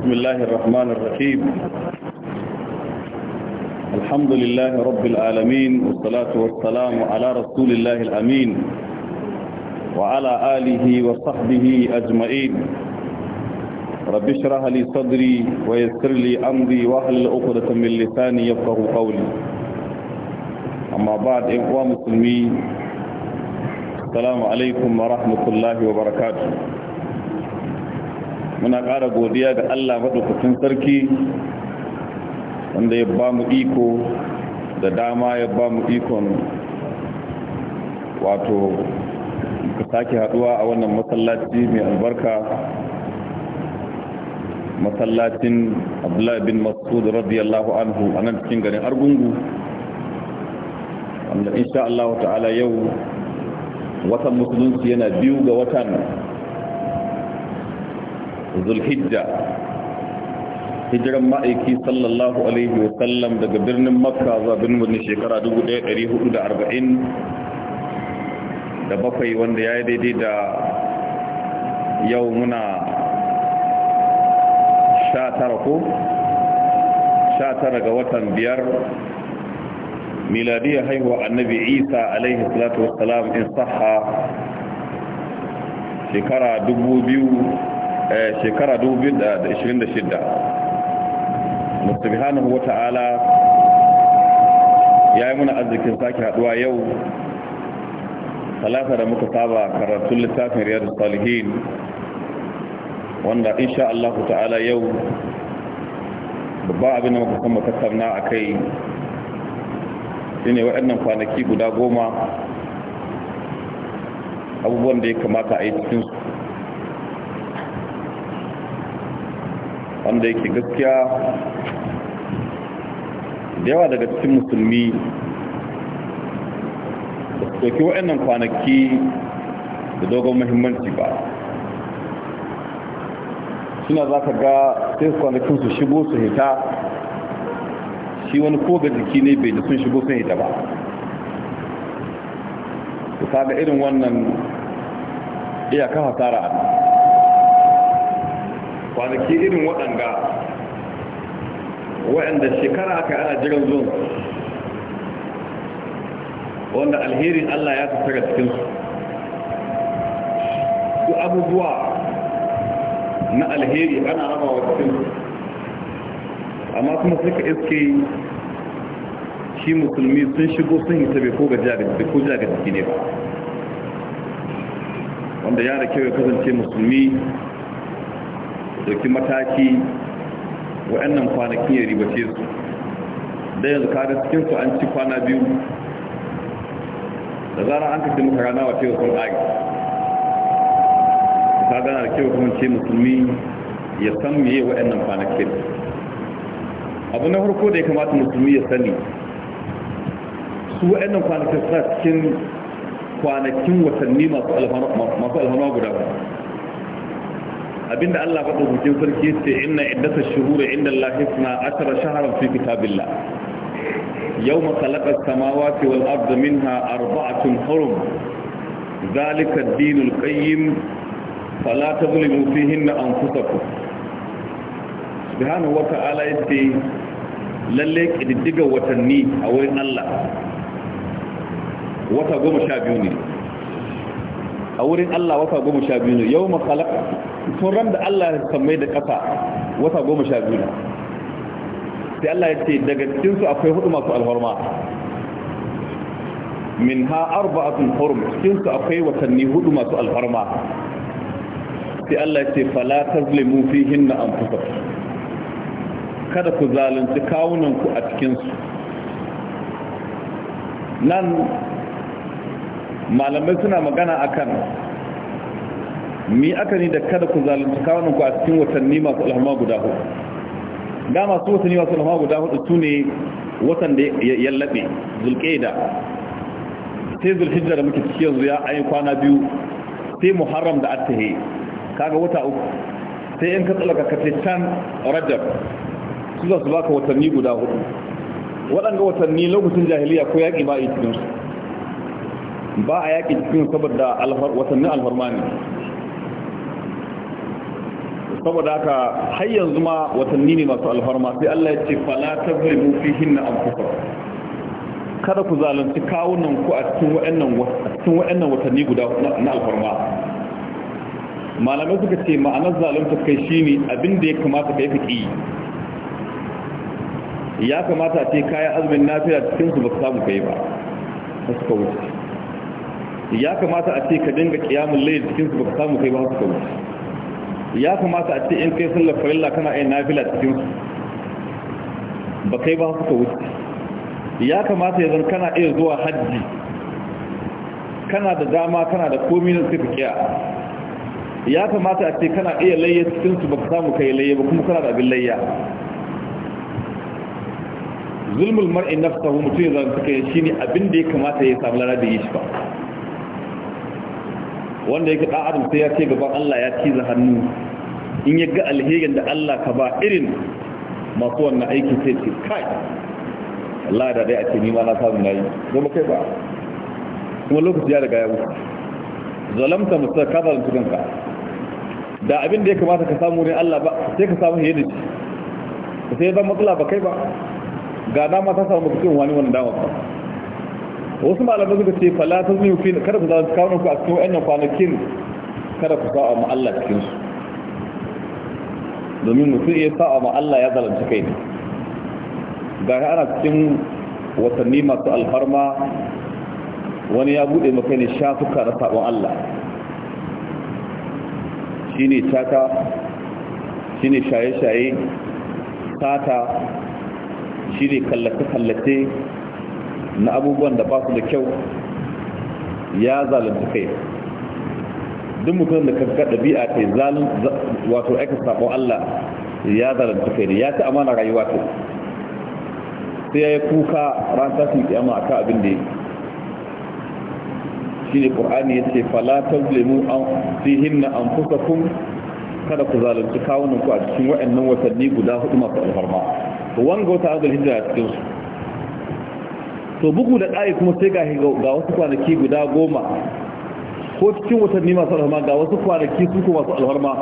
بسم الله الرحمن الرحيم الحمد لله رب العالمين والصلاة والسلام على رسول الله الأمين وعلى آله وصحبه أجمعين رب اشرح لي صدري ويسر لي أمري واحلل عقدة من لساني يفقه قولي أما بعد إخوة مسلمين السلام عليكم ورحمة الله وبركاته muna ƙara godiya ga Allah maɗaukacin sarki wanda ya ba mu iko da dama ya ba mu ikon wato ka sake haɗuwa a wannan masallaci mai albarka masallacin abdullahi bin masud radiyallahu anhu a nan cikin garin argungu wanda insha Allah ta'ala yau watan musulunci yana biyu ga watan zulhijja hijiran ma'aiki sallallahu alaihi wa sallam daga birnin makka zuwa birnin wani shekara 1440 da bakwai wanda ya yi daidai da yau muna sha tara ko sha tara ga watan biyar miladiyar haihuwa annabi isa alaihi salatu wasalam in saha shekara dubu biyu. Eh, shekara 2026 musubhanahu wata'ala ya yi muna arzikin sake haduwa yau talata da muka saba karatun littafin riyar salihin wanda insha Allah ta'ala yau babba abin da muka san makasamna a kai shine waɗannan kwanaki guda goma abubuwan da ya kamata a yi cikinsu wanda yake gaskiya da yawa daga cikin musulmi da su ɗauki waɗannan kwanaki da dogon muhimmanci ba suna za ka ga sai kwanakin su shigo su hita shi wani ko jiki ne bai da sun shigo sun hita ba ta ga irin wannan iyaka hasara a kwanaki irin waɗanda waɗanda shekara aka ana jiran zuwan wanda alherin Allah ya tattara cikinsu su abubuwa na alheri ana raba wa cikinsu amma kuma suka iske shi musulmi sun shigo sun yi tabe ko gajiya ga jiki ne ba wanda da kyau ya kasance musulmi dauki mataki wa'annan kwanakin ya ribace su da yanzu kada cikin su an ci kwana biyu da zara an kashe muka rana wa cewa sun ari ta gana da kyau kuma ce musulmi ya san meye wa'annan kwanakin abu na farko da ya kamata musulmi ya sani su wa'annan kwanakin suna cikin kwanakin watanni masu alhama guda ba abinda Allah ba dokokin sarki ce inna iddatash shuhuri inda Allah isna ashara shahran fi kitabillah yawma khalaqa as-samawati wal arda minha arba'atun hurum dhalika ad-dinul qayyim fala tadhlimu fihinna anfusakum subhanahu wa ta'ala yace lalle kididdiga watanni a wurin Allah wata goma sha a wurin Allah sha biyu ne yau turan da Allah ya samai da ƙasa wata goma sha biyu sai Allah ya ce daga cikinsu akwai hudu masu alhorma min ha arba'atun hurum cikinsu akwai watanni hudu masu alhorma sai Allah ya ce fala tazlimu an anfusakum kada ku zalunci kawunanku a cikinsu nan malamai suna magana akan mi aka ni da kada ku zalunci kawunan ku a cikin watanni masu alhama guda hudu da masu watanni masu alhama guda hudu su ne watan da ya laɓe zulƙeda sai zulhijjar da muke cikin yanzu ya ayi kwana biyu sai muharram da attahe kaga wata uku sai in ka tsalaka ka ce can rajab su za su baka watanni guda hudu waɗanda watanni lokacin jahiliya ko yaƙi ba a yi cikinsu ba a yaƙi cikin saboda watannin alfarma ne saboda haka har yanzu ma watanni ne masu alfarma sai Allah ya ce fala tazlimu fihin anfusakum kada ku zalunci kawunan ku a cikin waɗannan waɗannan watanni guda na alfarma malamai suka ce ma'anar zalunta kai shine abin da ya kamata kai fiki ya kamata a ce kayan azumin nafiya cikin su ba su samu kai ba ta suka wuce ya kamata a ce ka dinga kiyamun layi cikin su ba su samu kai ba suka wuce ya kamata a ce in kai sallar farilla kana yin nafila cikin ba kai ba suka wuce ya kamata yanzu kana iya zuwa hajji kana da dama kana da komi na suka kiya ya kamata a ce kana iya layya cikin su ba ka samu kai layya ba kuma kana da abin layya zulmul mar'i nafsahu mutum ya zanta shi ne abin da ya kamata ya samu lada da yi shi ba wanda yake dan adam sai ya ce gaban Allah ya ciza hannu in ya ga alherin da Allah ka ba irin masu wannan aiki sai ce kai Allah da dai a ce ni ma na samu nayi ba kai ba kuma lokaci ya riga ya wuce zalamta mustaqabal tukanka da abin da ya kamata ka samu ne Allah ba sai ka samu da shi sai zama matsala ba kai ba ga dama ta samu cikin wani wani dama ba wasu malamai suka ce fala ta zuwa fi kada ku zama kawo ku a cikin wayannan kwanakin kada ku sa'a ma Allah cikin su domin mutum iya sa'a ma Allah ya zalunci kai ne ga ana cikin watanni masu alfarma wani ya bude maka ne shafuka na sabon Allah shine chata shine shaye-shaye sata shine kallace-kallace na abubuwan da ba su da kyau ya zalunta kai duk mutum da kanka ɗabi'a kai zalun wato aika sabon Allah ya zalunta kai ya ci amana rayuwa ta sai ya yi kuka ran tashin kiyama a ka abin da shi ne ƙur'ani ya ce falatar lemu fi himna an fusa kun kada ku zalunci kawunan ku a cikin waɗannan watanni guda hudu masu alfarma wanga wata azal hijira a cikinsu to bugu da ƙari kuma sai ga ga wasu kwanaki guda goma ko cikin watanni masu alharma ga wasu kwanaki su ko masu alharma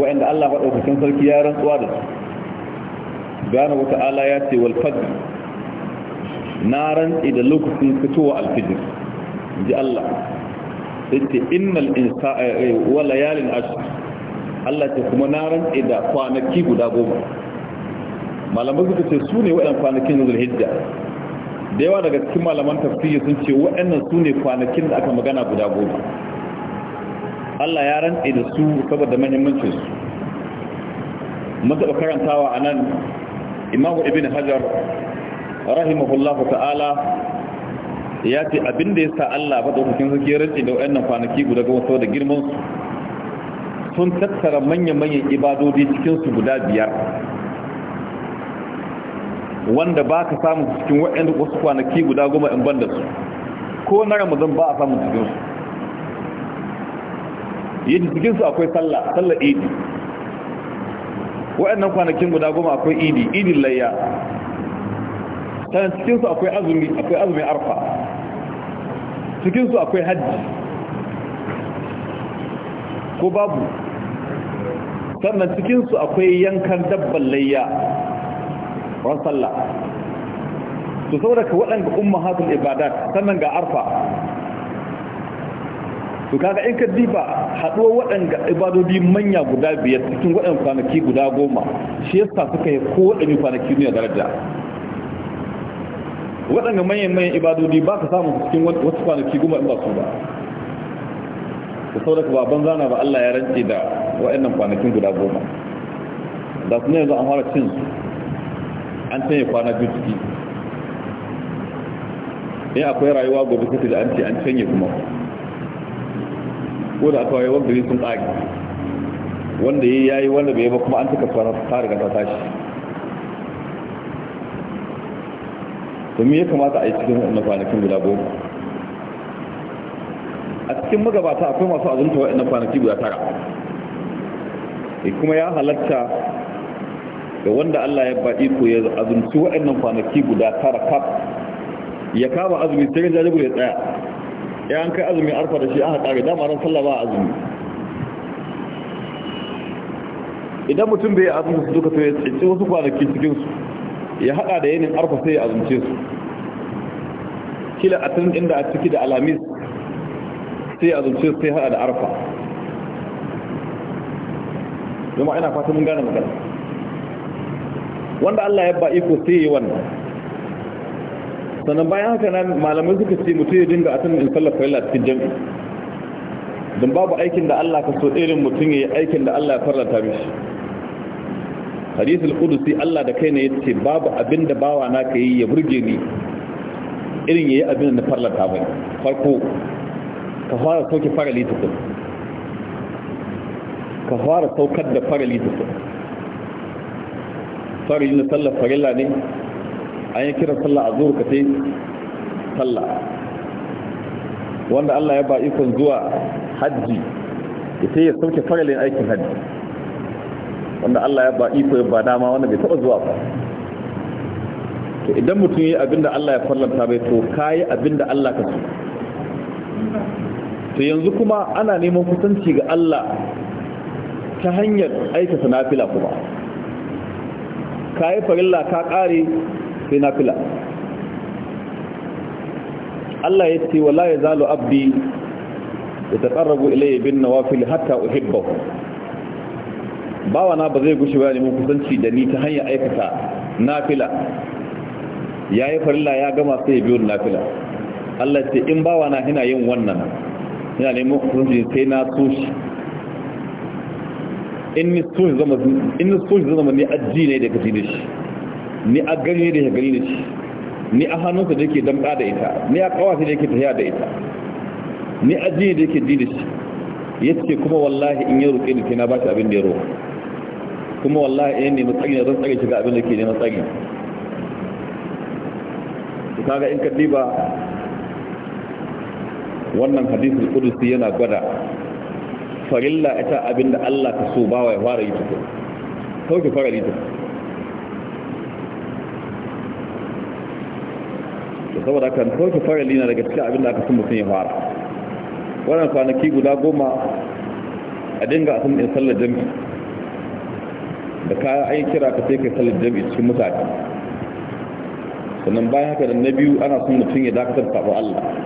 wa'anda Allah maɗaukakin sarki ya rantsuwa da su gane wata ala ya ce wal fajr na rantsi da lokacin fitowa alfijir ji Allah yace innal insa eh, wa layalin ashr Allah ce kuma na rantsi da kwanaki guda goma malamai suka ce su ne waɗannan kwanakin hijja. da yawa daga cikin malaman tafsiri sun ce waɗannan su ne kwanakin da aka magana guda goma Allah ya rantse da su saboda muhimmancin su mun taɓa karantawa a nan imamu ibn hajar rahimahullahu ta'ala ya ce abin da ya sa Allah ba da hukuncin suke rantse da waɗannan kwanaki guda goma saboda girman su sun tattara manya-manyan ibadodi cikin su guda biyar wanda ba ka samu cikin waɗanda wasu kwanaki guda goma in ban da su ko na ramazan ba a samun cikin su yadda cikin su akwai sallah sallah idi waɗannan kwanakin guda goma akwai idi idin layya sannan cikin su akwai azumi akwai azumi arfa cikin su akwai hajji ko babu sannan cikin su akwai yankan dabban layya ran sallah to saboda da waɗanda hatun ibadat sannan ga arfa to kaga in ka diba haɗuwa waɗanda ibadodi manya guda biyar cikin waɗanda kwanaki guda goma shi yasa suka yi ko waɗanda kwanaki ne daraja waɗanda manyan manyan ibadodi ba ka samu cikin wasu kwanaki goma in ba su ba da saboda ka baban zana ba Allah ya rance da waɗannan kwanakin guda goma da su ne yanzu an fara cin su an sanya kwana biyu ciki in eh, akwai rayuwa gobe kuka da an ce an canye kuma ko da aka wayewa gari sun ƙage wanda ya yayi wanda bai ba kuma an taka kwana ta riga ta tashi to me ya kamata a yi cikin wannan kwanakin guda goma a cikin magabata akwai masu azumta wa'annan kwanaki guda tara eh, kuma ya halatta da wanda Allah ya baɗi ko ya azumci waɗannan kwanaki guda tara kaf ya kama azumi sai ga ya tsaya ya an kai azumi arfa da shi aka kare dama ran sallah ba azumi idan mutum bai azumi su duka sai ya tsinci wasu kwanaki cikin su ya haɗa da yanin arfa sai ya azumce su kila a tun inda a ciki da alamis sai ya azumce su sai haɗa da arfa zama ina fatan mun gane magana wanda Allah ya ba'i ko sai yi wannan sannan bayan haka nan malamai suka ce mutum ya dinga atan in sallar farilla cikin jami'i don babu aikin da Allah ka so irin mutum ya yi aikin da Allah ya farlanta mishi hadithul qudusi Allah da kaina yace babu abin da bawa na kai ya burge ni irin yayi abin da farlanta bai farko ka fara sauke farali tukun ka fara saukar da farali tukun farajin na sallar farilla ne an yi kira sallah a zuwa ka sallar sallah wanda Allah ya ba ikon zuwa hajji ya ta yi sauke farallin aikin hajji wanda Allah ya ba iko ya ba dama wanda bai taba zuwa ba to idan mutum yi abinda Allah ya farlanta bai to kayi abinda Allah ka to yanzu kuma ana neman kusanci ga Allah ta hanyar aikata nafila kuma ka yi farilla ka ƙare sai na fila Allah ya ce wala ya zalo abdi ya taƙarrabu ilayya bin nawafil hatta uhibbahu bawana ba zai gushe ba neman kusanci da ni ta hanyar aikata na fila ya yi farilla ya gama sai biyu fila Allah ya ce in bawana yana yin wannan yana neman kusanci sai na so in ni so shi zama ni aji ne da ka da shi ni a gani ne da ka gani da shi ni a hannunsa da yake damɗa da ita ni a kawata da yake tafiya da ita ni aji ne da yake ji da shi ya ce kuma wallahi in ya roƙe da ke na ba shi abin da ya roƙa kuma wallahi in ne tsagi na zan tsage shiga abin da ke ne tsagi, kaga in ka ba wannan hadisul kudusi yana gwada farilla ita abinda Allah ta so bawa ya fara yi tukun sauke fara yi tukun da saboda kan sauke fara lina daga cikin abinda aka sun mutum ya fara wannan kwanaki guda goma a dinga asin ɗin sallar jami'i da kayan an yi kira ka sai kai sallar jami'i cikin mutane sannan bayan haka da na biyu ana sun mutum ya dakatar sabon Allah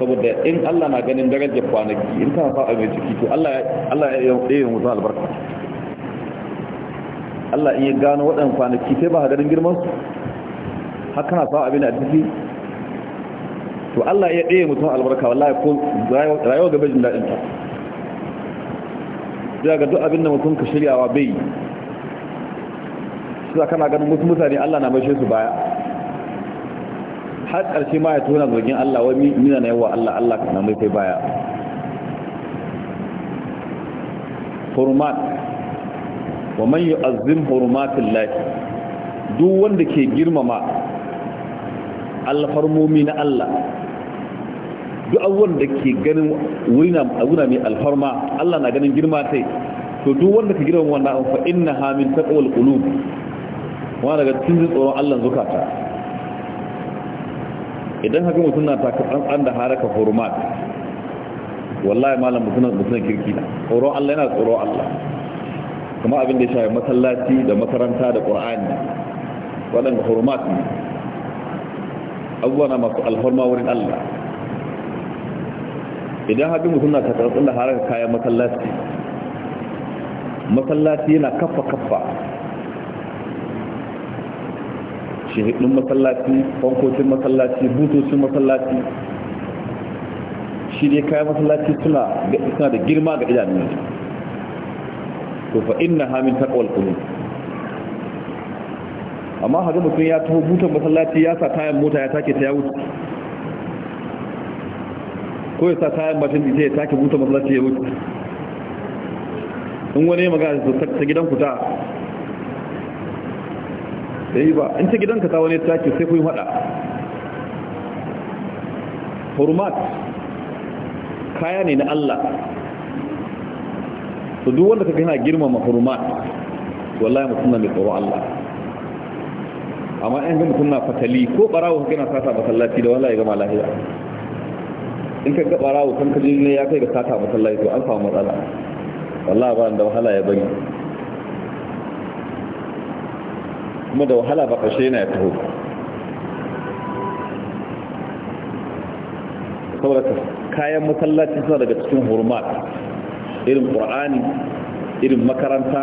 saboda in Allah na ganin darajar kwanaki in ka fa'a mai ciki to Allah ya yi zuwa albarka Allah in ya gano waɗannan kwanaki sai ba hadarin girman su haka na sa abin da ciki to Allah ya mu zuwa albarka wallahi ko rayuwa gaba jin daɗin ta zai ga duk abin da mutum ka shiryawa bai su kana ganin mutum mutane Allah na mai su baya har ƙarshe ma ya tona zargin Allah wa mina na yawa Allah Allah ka na mai kai baya hurumat wa man yu'azzim hurumatil lahi duk wanda ke girmama alfarmomi na Allah duk abubuwan da ke ganin wuri na mai alfarma Allah na ganin girma sai to duk wanda ka girmama wannan fa inna ha min taqwal qulub wa daga cikin tsoron Allah zukata idan haka mutum na taka tsantsan da haraka hurmat wallahi malam mutum mutum kirki na tsoro Allah yana tsoro Allah kuma abin da ya shafi masallaci da makaranta da qur'ani waɗanda hurmat ne abubuwa na masu alhorma wurin Allah idan haka mutum na taka tsantsan da haraka kayan masallaci masallaci yana kaffa kaffa shahidun masallaci bankocin masallaci butocin masallaci shi ne kayan masallaci suna da girma ga idanun to fa inna hamin taqwal qulub amma haka mutum ya taho butan masallaci ya sa tayan mota ya take ta ya wuce ko ya sa tayan mashin ita ya take butan masallaci ya wuce in wani magana ta gidan ku ta da yi ba an ce gidanka ta wani take sai kuyi hada hurmat kaya ne na Allah su duk wanda kaga yana girmama hurmat wallahi mutum na mai tsoro Allah amma yan ga mutum na fatali ko barawo kaga yana sata masallaci da wallahi gama lahiya? in ka ga barawo kan kaji ne ya kai ga sata masallaci to an samu matsala wallahi ba da wahala ya bari kuma da wahala ba kashe yana ya taho saboda kayan masallaci suna daga cikin hurmat irin ƙur'ani irin makaranta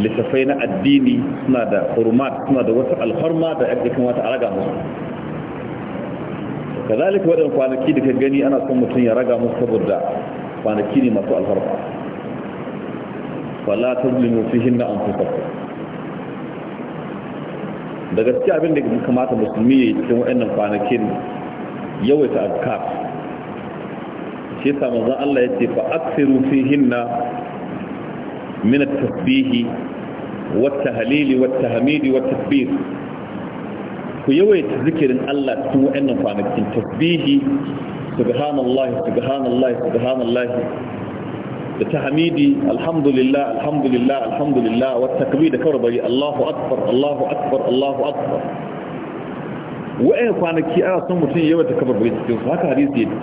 littafai na addini suna da hurmat suna da wata alfarma da ya kamata a raga musu ka zalika waɗin kwanaki da ka gani ana son mutum ya raga musu saboda kwanaki ne masu alfarma fala تظلموا فيهن أنفسكم da gaske abin da kamata musulmi ya yi cikin wa'annan kwanakin yawaita azkar shi ta manzan Allah ya ce fa aksiru fi hinna min at-tasbih wa at-tahlil wa at-tahmid wa at-takbir ku yawaita zikirin Allah cikin wa'annan kwanakin tasbihi subhanallahi subhanallahi subhanallahi تهميدي الحمد لله الحمد لله الحمد لله والتكبير كربي الله أكبر الله أكبر الله أكبر وإن كانت كي أنا صمتين يوى تكبر بي تكبر هكا حديث يدي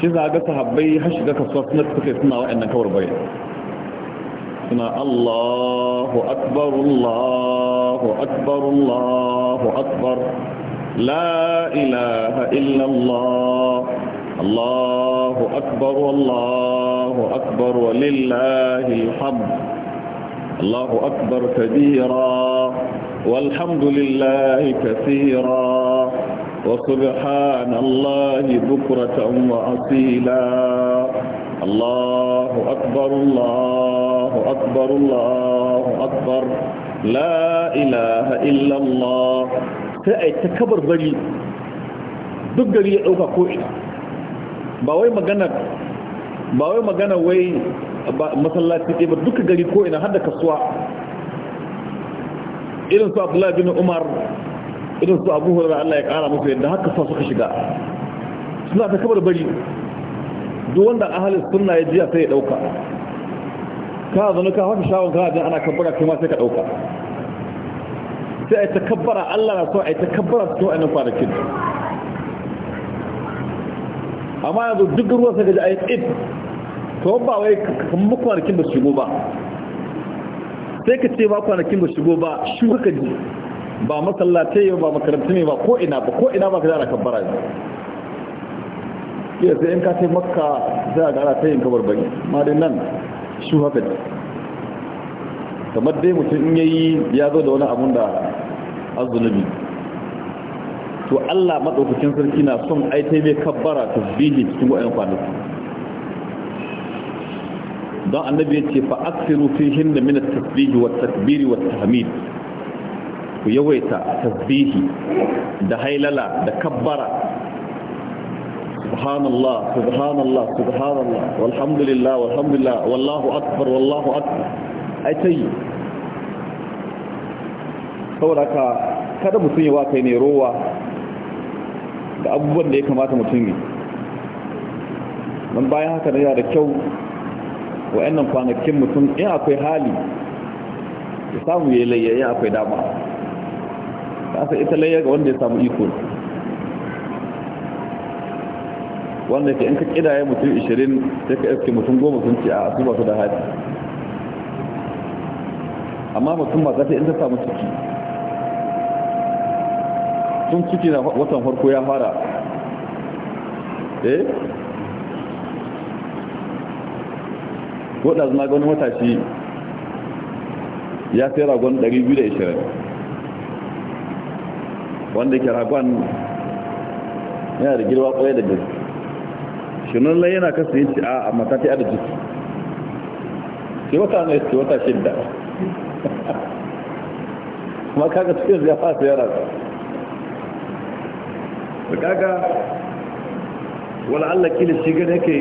شيزا قلت حبي حشدك صوتنا تكفي سنة وإن كبر بي سنة الله أكبر الله أكبر الله أكبر لا إله إلا الله الله أكبر الله أكبر ولله الحمد الله أكبر كبيرا والحمد لله كثيرا وسبحان الله بكرة وأصيلا الله أكبر الله أكبر الله أكبر لا إله إلا الله تأي تكبر بلي دقلي يعوك كوئنا ba wai magana ba wai magana wai masallaci ba duka gari ko ina har kasuwa irin su abdullahi bin umar irin su abu hulara allah ya kara musu yadda haka sa suka shiga suna ta kamar bari duk wanda ahalin suna ya jiya sai ya ɗauka ka zanu ka haka shawon ka jan ana kabbara kai ma sai ka ɗauka sai a yi kabbara allah na so a yi kabbara su a nan kwanakin amma yanzu duk ruwan sai ka ji a yi to ba wai kamar kwanakin ba shigo ba sai ka ce ba kwanakin ba shigo ba shi ka ji ba masallatai ba makarantu ne ba ko ina ba ko ina ba ka zara kabbara ne iya sai in ka ce makka za a gara ta yin kabar bane ma dai nan shi haka ji kamar dai mutum in yayi ya zo da wani abun da azunubi to Allah madaukakin sarki na son ai ta mai kabbara tasbihi cikin wayan kwanaki don annabi ya ce fa aksiru fihin da min at-tasbihi wa takbiri wa tahmid ku yawaita tasbihi da hailala da kabbara subhanallah subhanallah subhanallah walhamdulillah walhamdulillah wallahu akbar wallahu akbar ai tayi saboda ka kada mutum yawa kai ne rowa da abubuwan da ya kamata mutum yi don bayan haka yana da kyau wa wa'annan kwanakin mutum in akwai hali ya samu ya layya in akwai dama ta asa ita layya ga wanda ya samu iko wanda ke in ka kidaye mutum 20 sai ka iske mutum goma sun ce a su ba su da hali amma mutum ba ta in ta samu ciki tun ciki na watan farko ya fara eh wadda zama gani matashi ya sai ragon 220 wanda ke ragon yana da girwa kwaye da gaske shirin lai yana kasa yin ci'a a matati a da jiki ke wata na ke wata shidda kuma kaga cikin ya fasa yara kaga wala allah kila shi gane ke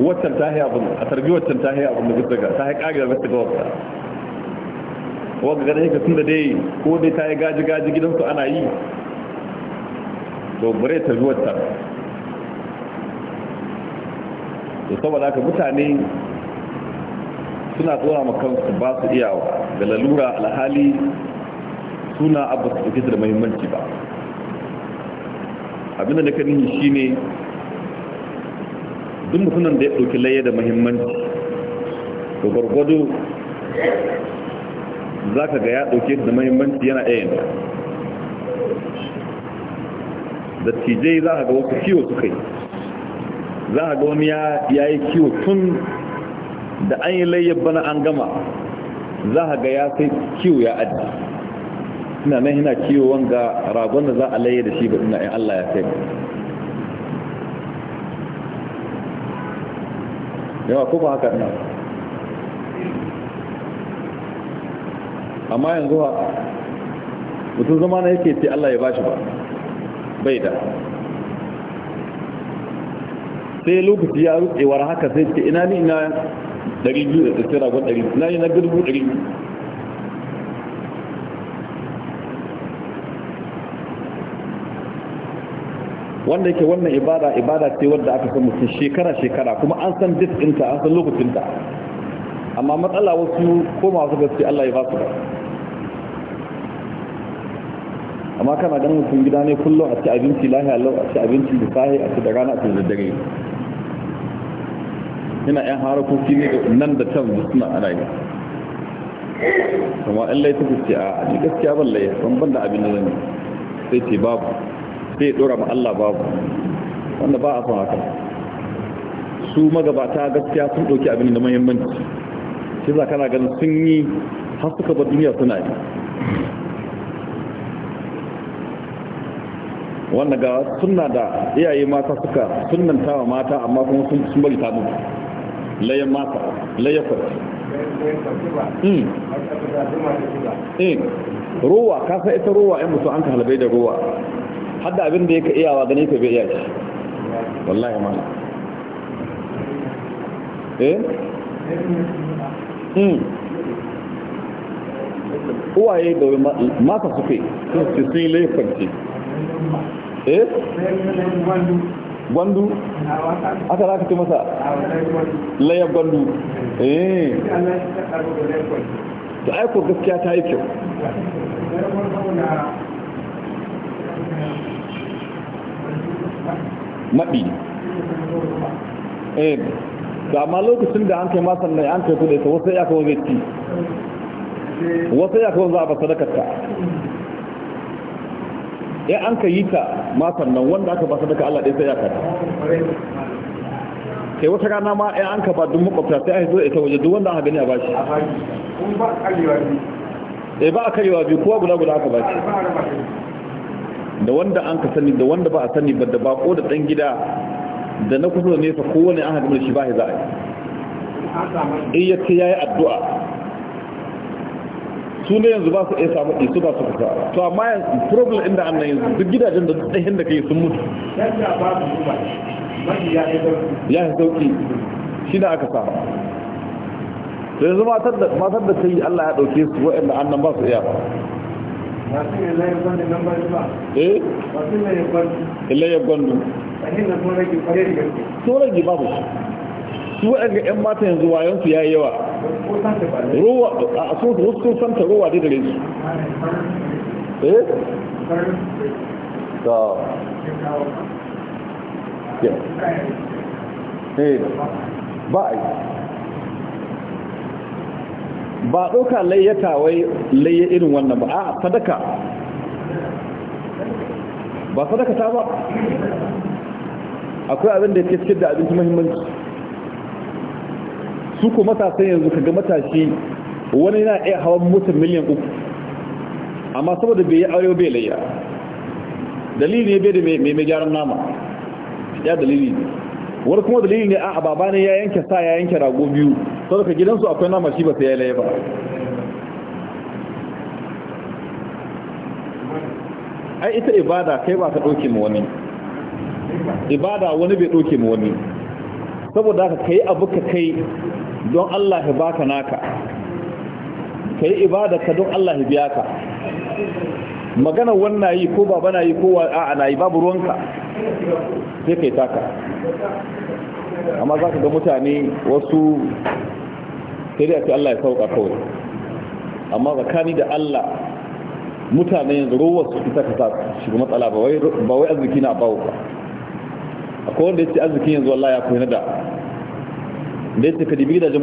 waccan ta a tarbi waccan ta haya da duk daga ta haya kagar masu ga wata wadda gane ka tun da dai ko dai ta yi gaji-gaji gidansu ana yi to tarbi waccan to saboda haka mutane suna tsora makansu ba su iyawa da lalura alhali suna abu da suke da mahimmanci ba abinda da kan yi shi ne duk mutumin da ya ɗauki laye da mahimmanci da gwargwado za ka ga ya ɗauke da mahimmanci yana ɗayan da tijai za ka ga wasu kiwo su kai za ka ga wani ya yi kiwo tun da an yi layyar bana an gama za ka ga ya sai kiwo ya adi ina nan ina kiwo wanga ragon da za a laye da shi ba ina in Allah ya kai yawa ko ba haka ina amma yanzu ha mutum zama na yake ce Allah ya bashi ba bai da sai lokaci ya rukewar haka sai ce ina ni ina 200 da tsira gwan na yi na 200 wanda yake wannan ibada ibada ce wadda aka san mutum shekara shekara kuma an san dis ɗinta an san lokacinta amma matsala wasu ko masu gaske Allah ya ba su amma kana ganin mutum gida ne kullum a ci abinci lahiya lau a ci abinci da sahi a ci da rana a ci da dare yana yan harakoki ne nan da can suna a rayuwa kuma in laifin ce a gaskiya ban laifin ban ban da abin da zan sai ce babu sai dora ma Allah babu wanda ba a son haka su magabata gaskiya sun ɗauki abin da muhimmanci shi za kana ganin sun yi har suka bar duniya suna yi wannan ga suna da iyaye mata suka sunanta wa mata amma kuma sun bari ta mutu layan mata layan farci hmm. eh, ruwa kasa ita ruwa yan mutu an ka halabai da ruwa hadda abin da kai iyawa gani ka biya shi wallahi ma eh hmm uwaye da mata suke su sun yi laifanci eh gwandu aka za ka ce masa layar gwandu eh da aiko gaskiya ta yi kyau maɗi eh da amma lokacin da an kai masan nan an kai kudai ta wasu ya kawo zai ci wasu ya kawo za a ba sadakar ya an ka yi ta masan nan wanda aka ba sadaka Allah ɗaya sai ya kata kai wata rana ma ya an ka ba duk makwabta sai a yi zo ita waje duk wanda aka gani a bashi eh ba a karewa biyu kowa guda guda aka bashi da wanda an ka sani da wanda ba a sani ba da bako da dan gida da na kusa da nesa kowane an haɗu da shi ba shi za a yi in ya ce yayi yi addu'a su ne yanzu ba su iya samu isu ba su fita to amma yanzu, problem inda an nan yanzu duk gidajen da ɗahin da kai sun mutu ya yi sauki shi da aka samu sai yanzu matar da ta yi allah ya ɗauke su waɗanda annan ba su iya ba eh ilayya gwandu tsoron gi babu su waɗanda 'yan mata yanzu wayonsu ya yi yawa ruwa a sun wasu santa ruwa da gare su eh ta eh. ba a yi ba ɗauka layyata wai layyar irin wannan ba a sadaka ba sadaka ta ba akwai abin da ke cikin da abinci mahimmanci su ko matasan yanzu kaga matashi wani yana iya hawan motar miliyan uku amma saboda bai yi aure bai layya dalili ne bai da mai gyaran nama ya dalili ne wani kuma dalili ne a ababa ne ya yanke sa ya yanke rago biyu sadaka gidansu akwai nama shi ba sai ya laye ba ai ita ibada kai ba ka ɗauke mu wani ibada wani bai ɗauke mu wani saboda ka kai abu ka kai don Allah ya baka naka kai ibada ka don Allah ya biya ka magana wannan yi ko baba na yi ko a'a na yi babu ruwanka sai kai taka amma za ka ga mutane wasu sai dai a ce Allah ya sauka kawai amma tsakani da Allah mutane yanzu ruwan su ita ka sa shiga matsala ba wai arziki na bawo ba akwai wanda ya ce arziki yanzu Allah ya koyi na da da ya ce ka dibi gidajen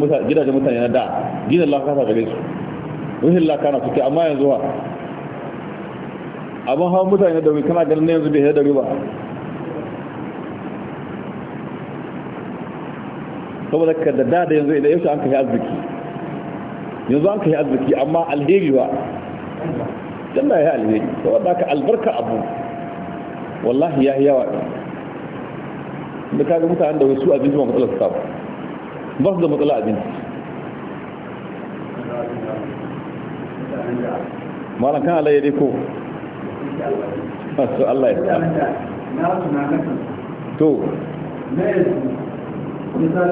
mutane na da ginin lakasa gare su ruhin lakana suke amma yanzu ha! abin hawan mutane da wuri kana ganin yanzu bai da riba saboda ka da da yanzu idan yaushe an kai arziki yanzu an kai arziki amma alheri ba janna ya alheri saboda ka albarka abu wallahi ya yawa da kaga mutanen da wasu abinci ba matsalar sa ba su da matsala abinci malam kan alayya dai ko ah, Allah ya sa to bai zama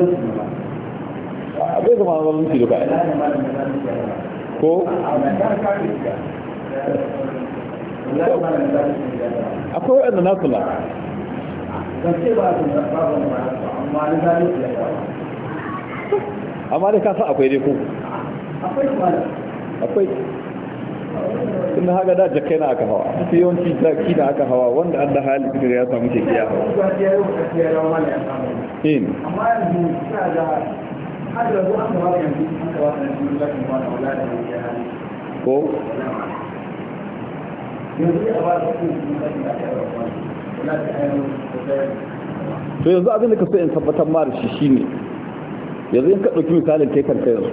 na zalunci duka ne ko akwai waɗanda na kula amma da kasa akwai dai ku akwai inda haka da jakai na aka hawa fi yawanci jaki na aka hawa wanda an da hali kuma ya samu ke kiya in ko to yanzu abin da ka so in tabbatar ma da shi shine yanzu in ka ɗauki misalin kai kanka yanzu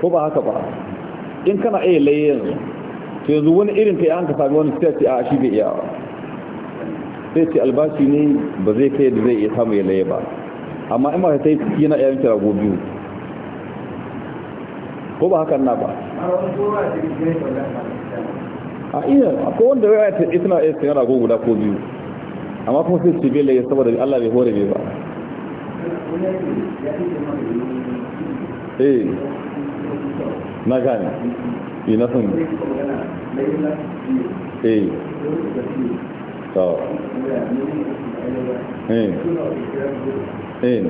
ko ba haka ba in kana a laye yanzu to yanzu wani irin kai an ka sami wani sai a shi bai iyawa sai ce albashi ne ba zai kai da zai iya samu ya laye ba amma in ma sai yana iya yanke rago biyu ko ba hakan na ba a iya akwai wanda ya isa na iya sayan rago guda ko biyu amma kuma sai su bai laye saboda Allah bai hore bai ba eh na gane ina eh, sun eh to eh eh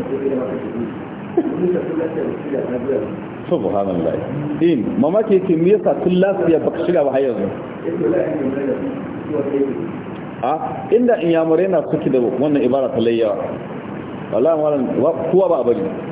subhanallah in eh, mamaki yake me yasa tun lafiya baka shiga ba har yanzu a ah, inda in yamure na suke da wannan ibara ta layyawa wallahi malam kowa ba bari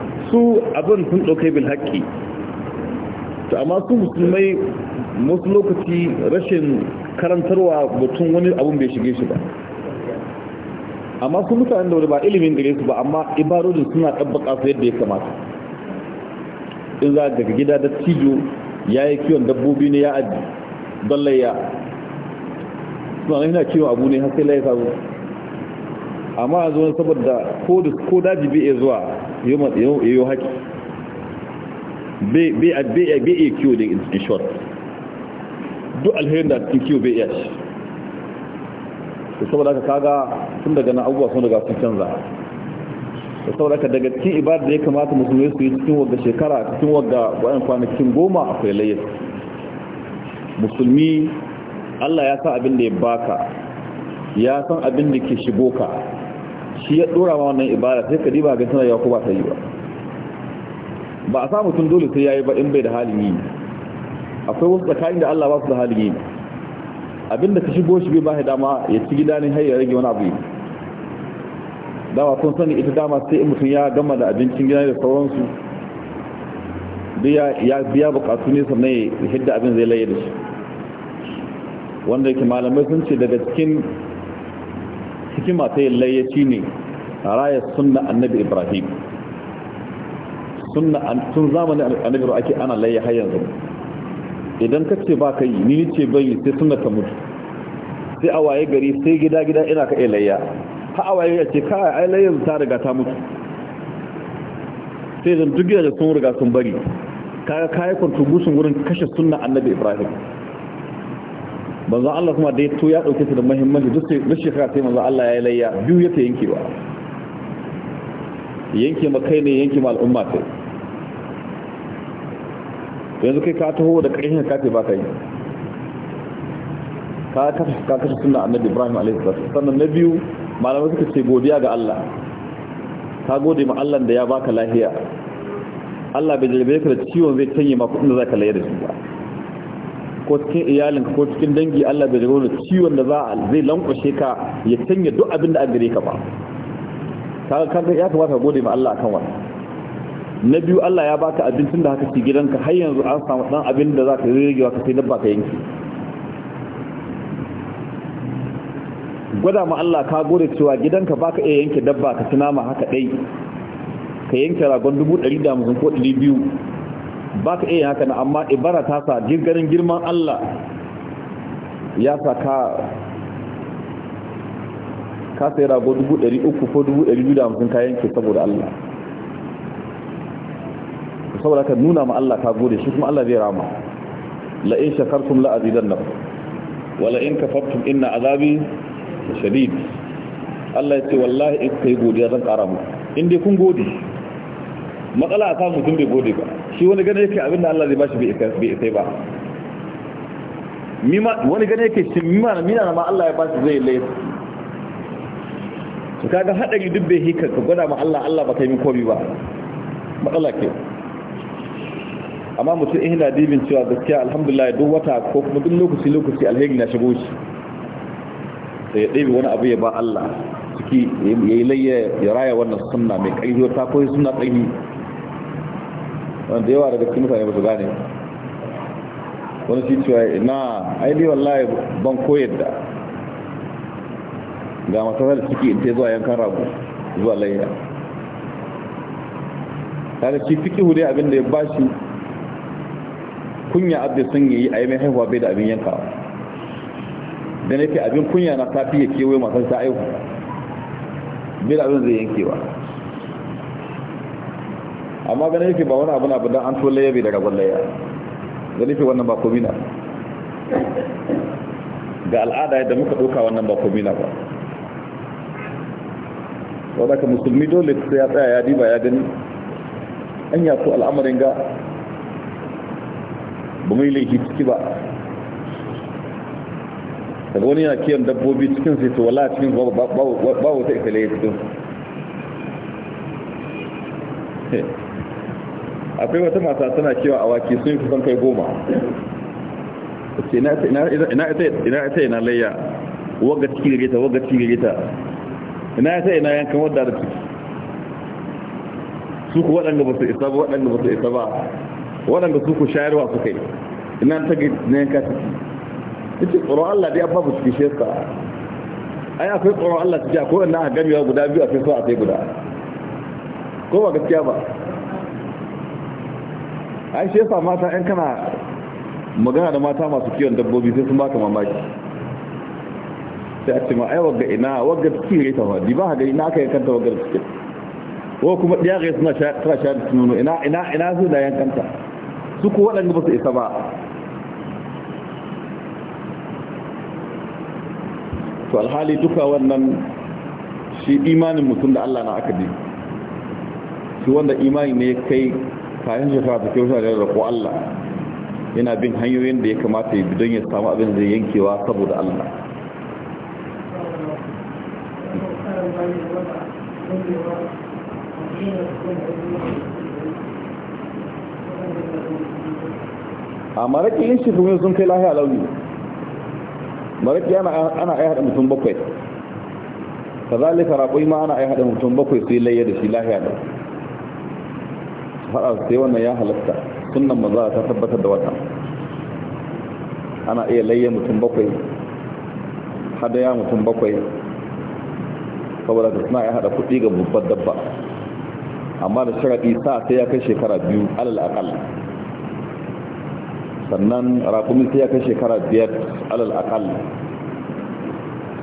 su abin sun ɗaukai bil haƙƙi to amma su musulmai wasu lokaci rashin karantarwa mutum wani abin bai shige shi ba amma su mutane da wani ba ilimin gare su ba amma ibarodin suna ɗabbaƙa su yadda ya kamata in za daga gida da cijo ya yi kiwon dabbobi ne ya addi ballaya suna nan yana kiwon abu ne har sai laifar amma a zuwan saboda ko daji bai iya zuwa yau haƙi bai iya kiwo da in short duk alherin da cikin kiwo bai da saboda aka kaga sun daga na abubuwa sun daga sun canza da saboda aka daga cikin ibada da ya kamata musulmi su yi cikin wadda shekara cikin wadda wayan kwanakin goma akwai layyar musulmi allah ya san abin da ya baka ya san abin da ke shigo ka shi ya dora ma wannan ibada sai ka diba ga tana yawa ko ba ta yi ba ba a samu tun dole sai yayi ba in bai da halin yi akwai wasu tsakanin da Allah ba su da halin yi abinda ka shigo shi bai ba shi dama ya ci gida ne har ya rage wani abu dama kun sani ita dama sai in mutum ya gama da abincin gida da sauransu ya biya bukatu ne sannan ya hidda abin zai laye da shi wanda yake malamai sun ce daga cikin hikima ta yallaye ne ne raya suna annabi ibrahim sun an tun zamanin annabi ake ana layya har yanzu idan ka ce ba ka yi ni ce ban yi sai suna ta mutu sai a waye gari sai gida gida ina ka layya ha a waye ce ka a layyar ta riga ta mutu sai zan duk gida da sun riga sun bari kaya kayan busun wurin kashe suna annabi ibrahim banzan Allah kuma da ya to ya su da muhimmanci duk shekara sai manzan Allah ya yi layya biyu ya ta yankewa yanke ma kai ne yanke ma al'umma sai yanzu kai ka taho da ƙarfin kafe ba ka yi ka kashe suna annabi ibrahim salatu sannan na biyu malamai suka ce godiya ga allah ka gode ma allah da ya baka lahiya allah bai jirbe ka da ciwon zai canye ma kudin da za ka laye da shi ba ko cikin iyalin ko cikin dangi Allah bai da ciwon da za a zai lankwashe ka ya canya duk abin da an gare ka ba kaga ya kamata gode ma Allah akan wannan na biyu Allah ya baka abincin da haka ci gidanka har yanzu an samu dan abin da zaka rage ka sai dabba ka yanki gwada ma Allah ka gode cewa gidanka baka iya yanke dabba ka ci nama haka dai ka yanke ragon dubu da 150 ko biyu. ba ka iya haka na amma ibara ta sa girgarin girman Allah ya sa ka ka sai rago 300 ko 250 kayan ke saboda Allah saboda ka nuna ma Allah ka gode shi kuma Allah zai rama la in shakartum la azidannakum wala in kafartum inna azabi shadid Allah ya ce wallahi in kai godiya zan kara muku in dai kun gode matsala a samu mutum bai gode ba shi wani gane yake abinda Allah zai bashi bai isai ba wani gane yake shi mimana mina ma Allah ya bashi zai laifi su kaga haɗari duk bai hika ka gwada ma Allah Allah ba ka yi kobi ba matsala ke amma mutum ina dibin cewa gaskiya alhamdulillah duk wata ko kuma duk lokaci lokaci alheri na shigo shi sai ya ɗebe wani abu ya ba Allah ciki ya yi layya ya raya wannan sunna mai ƙarfi ta koyi suna ƙarfi wanda yawa daga cikin mutane ba su gane wani shi cewa na aini wallahi ban koyar da ga masarar suke in ta zuwa yankan rabu zuwa layya tare shi fiki hudu abinda ya bashi kunya abin sun yi a yi mai haihuwa bai da abin yanka da na abin kunya na safi ya kewaye masu ta aihu bai da abin zai yankewa amma ganin yake ba wani abu na abu don an tola yabe daga gwallaya ganin yake wannan ba komi na ga al'ada yadda muka ɗauka wannan ba komi na ba wadda ka musulmi dole sai ya tsaya ya diba ya gani an yaso al'amarin ga ba mai laifi ciki ba daga wani yana kiyan dabbobi cikin sai to wala cikin ba wata ita laifi cikin akwai wata mata tana cewa awaki sun kusan kai goma ina ita ina layya waga ciki gare ta waga ciki gare ta ina ita ina yankan wadda da ciki su ku waɗanda ba su isa ba waɗanda ba su isa ba waɗanda su ku shayarwa su kai ina ta na yanka ciki ita tsoron allah dai abba ba su kishe sa ai akwai tsoron allah ciki a wanda aka gamewa guda biyu a fi so a sai guda ko ba gaskiya ba ai shi yasa mata ɗan kana magana da mata masu kiyon dabbobi sai sun baka mamaki sai a ce ma ai wagga ina wagga cikin rai ta fadi ba ga ina aka yankanta wagga cikin ko kuma ɗaya ga suna tara shayar da tunono ina ina ina su da yankanta su ko waɗanda ba su isa ba to alhali duka wannan shi imanin mutum da Allah na aka bi shi wanda imani ne kai kayan jefa ta kyauta da roƙo Allah yana bin hanyoyin da ya kamata ya bi don ya samu abin zai yankewa saboda Allah a maraƙi yin shi fumin sun kai lahiya launi maraƙi ana ai haɗa mutum bakwai ka zalika raƙoyi ma ana ai haɗa mutum bakwai sai layya da shi lahiya launi haɗa sai wannan ya halatta sunan maza ta tabbatar da wata ana iya layya mutum bakwai hadaya mutum bakwai saboda ta suna ya hada kuɗi ga babbar dabba amma da sharaɗi sa sai ya kai shekara biyu alal akal sannan rakumi sai ya kai shekara biyar alal akal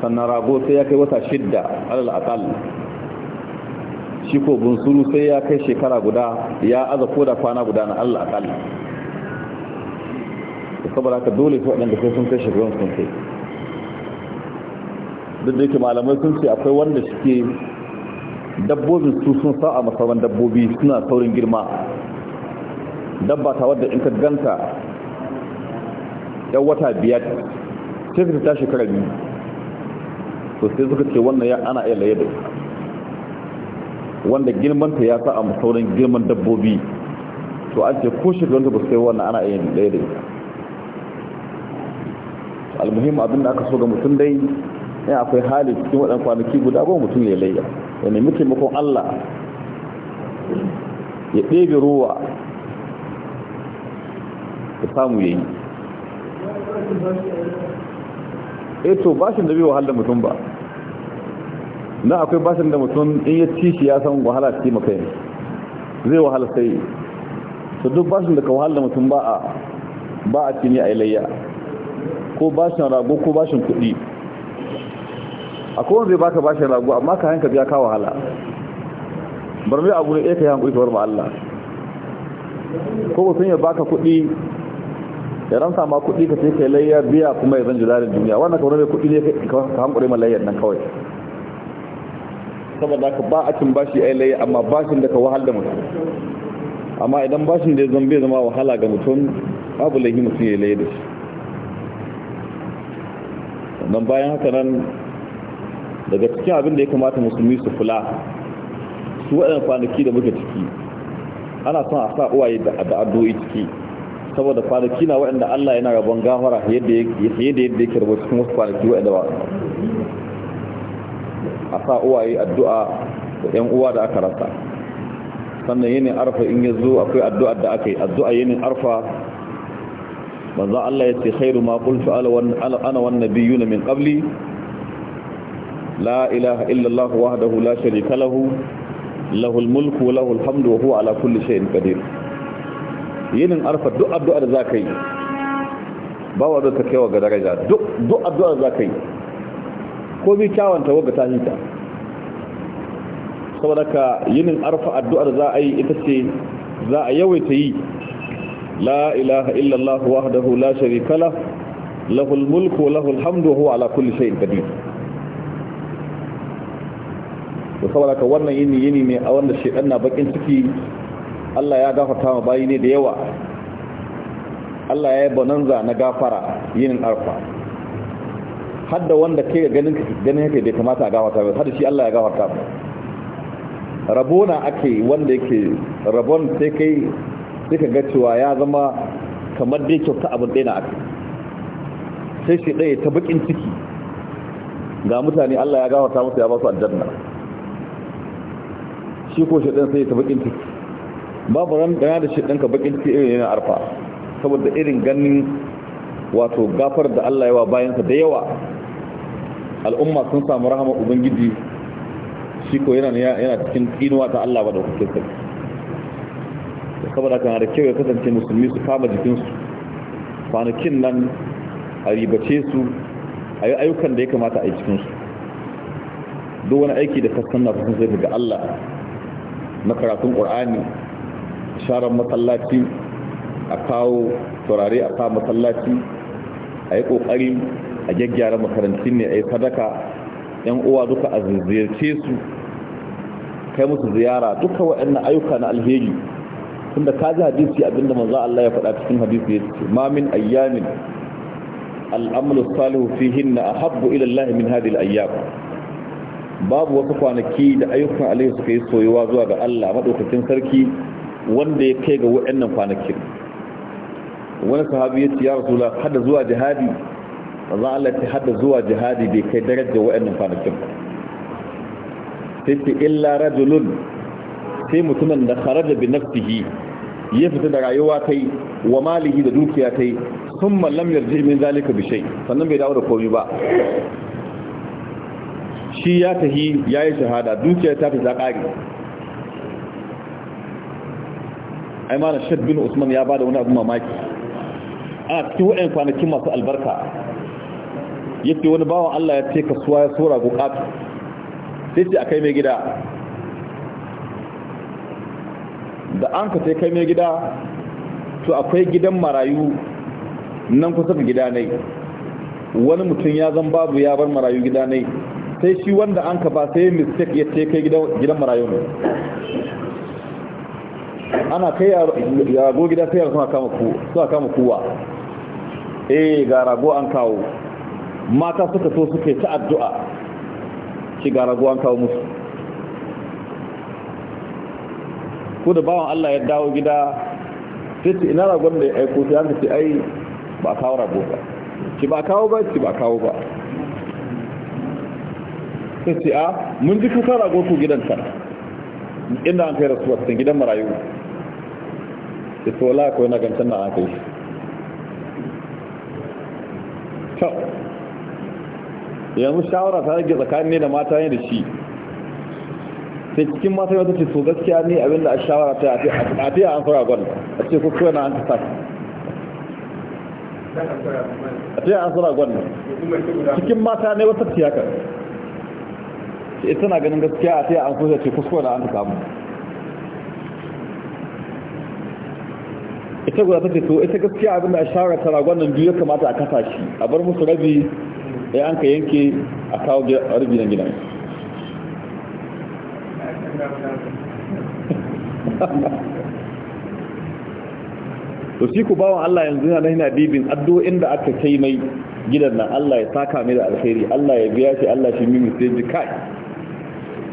sannan rago sai ya kai wata shidda alal akal shi ko bunsuru sai ya kai shekara guda ya aza ko da kwana guda na Allah akalla da saboda ka dole su waɗanda sai sun kai shekarun sun kai duk da yake malamai sun ce akwai wanda suke dabbobin su sun sa a masaban dabbobi suna saurin girma dabba ta wadda in ka ganta yan wata biyar sai ka ta shekara biyu to sai suka ce wannan ya ana iya laye da ita wanda girmanta ya sa a sauran girman dabbobi to an ce ko wanda ba sai wannan ana iya ɗaya da ita almuhim abin da aka so ga mutum dai ya akwai hali cikin waɗanda kwanaki guda goma mutum ya layya ya nemi taimakon allah ya ɗebe ruwa ya samu ya yi eto eh bashin da bai wahalar mutum ba na akwai bashin da mutum in ya ci shi ya san wahala ce maka yin zai wahala sai su duk bashin da ka wahala da mutum ba a ba a cinye a ilayya ko bashin rago ko bashin kudi a kowar zai baka bashin rago amma ka hanka biya ka wahala bar mai abu ne ya ka yi hankali kawar Allah ko mutum ya baka kudi ya ramsa ma kudi ka ce ka ilayya biya kuma ya zan ji duniya wannan kamar mai kudi ne ka hankali layyar nan kawai saboda ka ba a cin bashi ai laye amma bashin da ka wahal da mutum amma idan bashin da ya zama zama wahala ga mutum abu laihi mutum ya laye da shi don bayan haka nan daga cikin abin da ya kamata musulmi su kula su waɗanda kwanaki da muke ciki ana son a sa uwaye da addu'o'i ciki saboda kwanaki na waɗanda Allah yana rabon gafara yadda yadda yake rabo cikin wasu kwanaki waɗanda ba a sa uwa uwaye addu'a da ‘yan uwa da aka rasa sannan yinin arfa in ya zo akwai addu'a da aka yi addu'a yinin arfa manzan Allah ya ce khairu ma kulfi ana wannan biyu na min ƙabli la ilaha illallah wahdahu la sharika talahu, lahul mulku lahul hamdu wa huwa ala kulli shay'in qadir yinin arfa duk addu'a da zaka yi ba wa zata kewa ga daraja duk addu'a da zaka yi ko bi kyawanta tawaga ta hita saboda ka yinin arfa addu'ar za a yi ita ce za a yawaita yi la ilaha illallah wahdahu la sharika lah lahul mulku wa lahul hamdu huwa ala kulli shay'in qadir to saboda ka wannan yini yini ne a wanda shedan na bakin ciki Allah ya gafarta ma bayi ne da yawa Allah ya yi bonanza na gafara yinin arfa hadda wanda kai ga ganin ganin yake bai kamata a gawata ba hadda shi Allah ya gawarta ba rabona ake wanda yake rabon sai kai sai ka ga cewa ya zama kamar dai kyauta abin ɗaya na ake sai shi ɗaya ta bakin ciki ga mutane Allah ya gawarta musu ya ba su aljanna shi ko shi ɗan sai ta bakin ciki babu ran dana da shi ɗanka bakin ciki irin yana arfa saboda irin ganin wato gafar da Allah ya wa bayansa da yawa al'umma sun samu rahama ubangiji shi ko yana yana cikin tsinuwa ta Allah ba da hukuncin saboda kana da kewaye kasance musulmi su kama jikinsu kwanakin nan a ribace su a yi ayyukan da ya kamata a yi cikinsu duk wani aiki da kasan na kusa zai daga Allah na karatun ƙur'ani sharar masallaci a kawo turare a kawo masallaci a yi ƙoƙarin a gyaggyara makarantun ne a yi sadaka yan uwa duka a ziyarce su kai musu ziyara duka waɗannan ayyuka na alheri tunda ka ji hadisi abinda manzo Allah ya faɗa cikin hadisi ya ce ma min ayyamin al'amalu salihu hinna, ahabbu ila Allah min hadhihi al-ayyam babu wasu kwanaki da ayyukan alheri suka yi soyuwa zuwa ga Allah madaukakin sarki wanda ya kai ga waɗannan kwanakin wani sahabi ya ce ya rasulullah hada zuwa jihadi manzon Allah ta hada zuwa jihadi bai kai darajar wayannan kwanakin sai illa rajulun sai mutumin da kharaja bi nafsihi ya fita da rayuwa kai wa malihi da dukiya kai sun mallam yarji min zalika bi shay sannan bai dawo da komai ba shi ya tahi yayi shahada dukiya ta fi kare. ai mana shadd bin usman ya bada wani abu mamaki a cikin wayan kwanakin masu albarka yake wani bawan Allah ya ce kasuwa ya tsora bukatu sai ce a kai mai gida da an ka sai kai mai gida to akwai gidan marayu nan kusa da gida ne wani mutum ya zan babu ya bar marayu gida ne sai shi wanda an ka ba sai mistake ya ce kai gidan marayu ne ana kai rago gida sai ya suna kama kuwa. eh ga rago an kawo mata suka so suke ta addu'a shi ga raguwan kawo musu ko da bawan Allah ya dawo gida sai ce ina ragon da ya aiko sai an ce ai ba kawo rago ba ci ba kawo ba ci ba kawo ba sai ce a ah, mun ji kuka rago ku gidan gidanka inda an kai rasuwa sun gidan marayu sai to la ko na gancan na an kai shi yanzu shawara ta rage tsakanin ne da mata ne da shi sai cikin mata yau ta ce so gaskiya ne abinda a shawara ta a fi a an fara a ce ko kuwa na an ta a ta yi an fara cikin mata ne wata ce haka ita na ganin gaskiya a ta yi an kusa ce kuskure na an ta mu, ita guda ta ce so ita gaskiya abinda a shawara ta nan biyu ya kamata a kasa shi a bar musu rabi sai an ka yanke a kawo rijinan gidan to shi ku bawan Allah yanzu na yana bibin addu'o'in da aka kai mai gidan nan Allah ya saka mai da alheri. Allah ya biya shi Allah shi mimi sai ji kai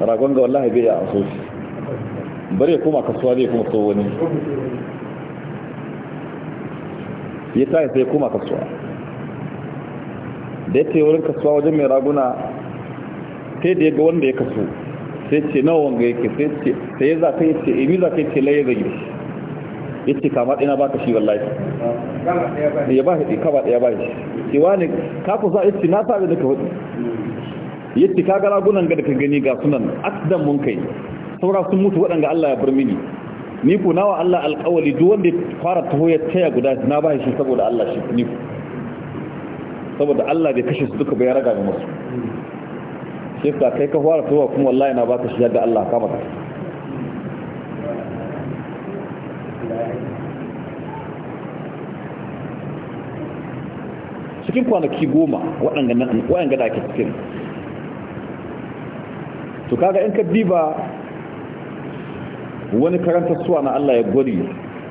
ragon ga wallahi bai ya so shi bare kuma kasuwa ne kuma so wani ya sai sai kuma kasuwa da ya wurin kasuwa wajen mai raguna sai da ya ga wanda ya kasu sai ce nawa wanga yake sai ce sai ya zaka yace emi eh, zaka yace laye zage ya ce kama ɗina ba ka shi wallahi ya ba shi kama ɗaya ba shi ce wani ka ku sa yace na sa da ka hudu ya ce ka ga ragunan ga da ka gani ga sunan asdan mun kai saura sun mutu waɗanda Allah ya bar mini ni ku nawa Allah alƙawali duk wanda ya fara taho ya taya guda na ba shi saboda Allah shi ni ku saboda Allah bai kashe su duka bai raga ga musu sai ka kai ka fara tuwa kuma wallahi na baka shi da Allah ka baka cikin kwanaki goma waɗanda da ake cikin to kaga in ka diba wani karanta suwa na Allah ya gwari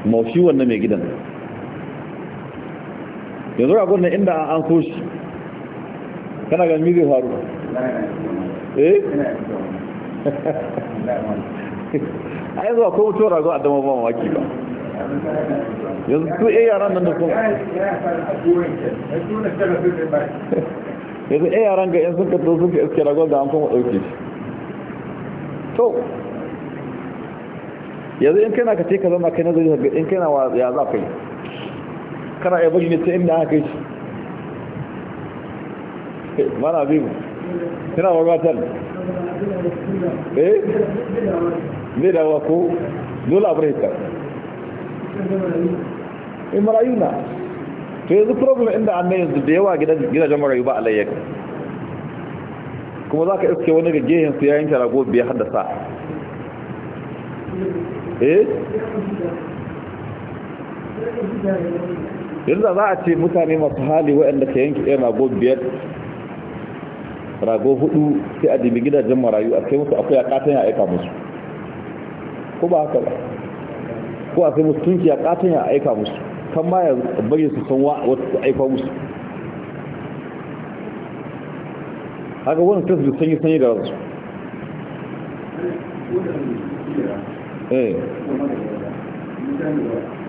maushi wannan mai gidan yanzu ragon gudunan inda an so shi kana ganin zai faru eh a yanzu akwai mutuwar ragon zuwa adama ba mawaki ba yanzu su iya yaran nan da sun yanzu iya yaran ga yan sun ka sun ka iske ragon da an kuma ɗauke shi to yanzu in kai ka ce ka zama kai na nazari in kana ya za ka yi kana ya bayyana ne ta inda aka yi shi mana biyu tana wagatar eh ne da ko dole abu rahita in marayu na to yanzu problem inda annan yanzu da yawa gidajen marayu ba alayyaka kuma za ka iske wani ga gehen su yayin rago biya haddasa eh yanzu za a ce mutane masu hali waɗanda ka yanki ɗaya rago biyar rago hudu sai a dimi gidajen marayu a kai musu akwai a katon ya aika musu ko ba haka ba ko a kai musu tunki a katon ya aika musu kan ma ya bari su san wata su aika musu haka wani sai su sanyi sanyi da wasu. eh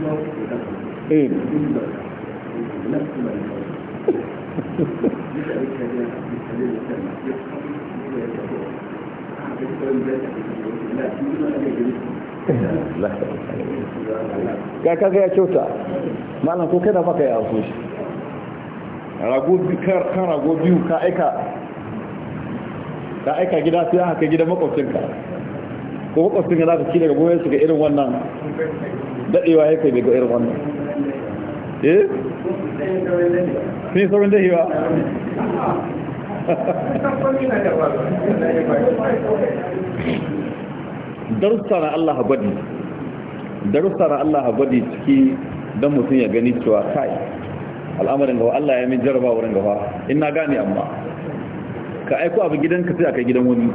eh ga kaga ya kyauta malam ko kada baka ya afu shi rago kan rago biyu ka aika ka aika gida sai haka gida makwabcinka ko makwabcinka za ka ci daga goyon su ga irin wannan daɗewa ya kai ga irin wannan eh sun yi saurin dahewa darussa na Allah gwadi darussa na Allah gwadi ciki don mutum ya gani cewa kai al'amarin gaba Allah ya min jaraba wurin gaba ina gane amma ka aiko abu gidanka sai aka gidan wani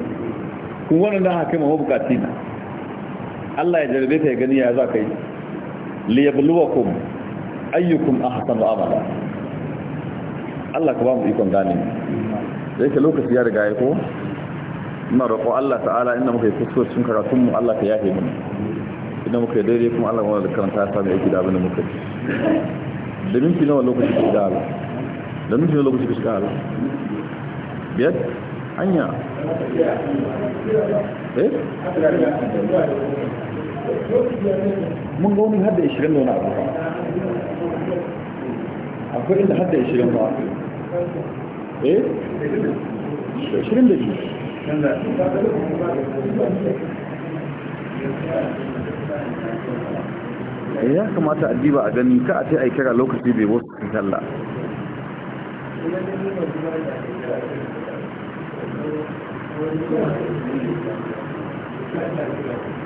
kun wannan da haka kai mawa bukati na Allah ya jarabe ka ya gani ya za ka yi liyabluwakum ayyukum ahsanu amala Allah ka ba mu ikon gane da yake lokaci ya riga ya ko ina roƙo Allah ta'ala inda muka yi kuskure cikin karatun mu Allah ka yafe mana inda muka yi daidai kuma Allah wanda karanta ya sami aiki da abin da muka yi da minti nawa lokaci ka shiga ala da minti nawa lokaci ka shiga ala biyar hanya eh mun ga wani hadda 20 da wani abu akwai inda hadda 20 ba eh 20 da biyu eh, ya kamata a diba a gani ka a ta a kira lokaci bai wasu kan Thank you.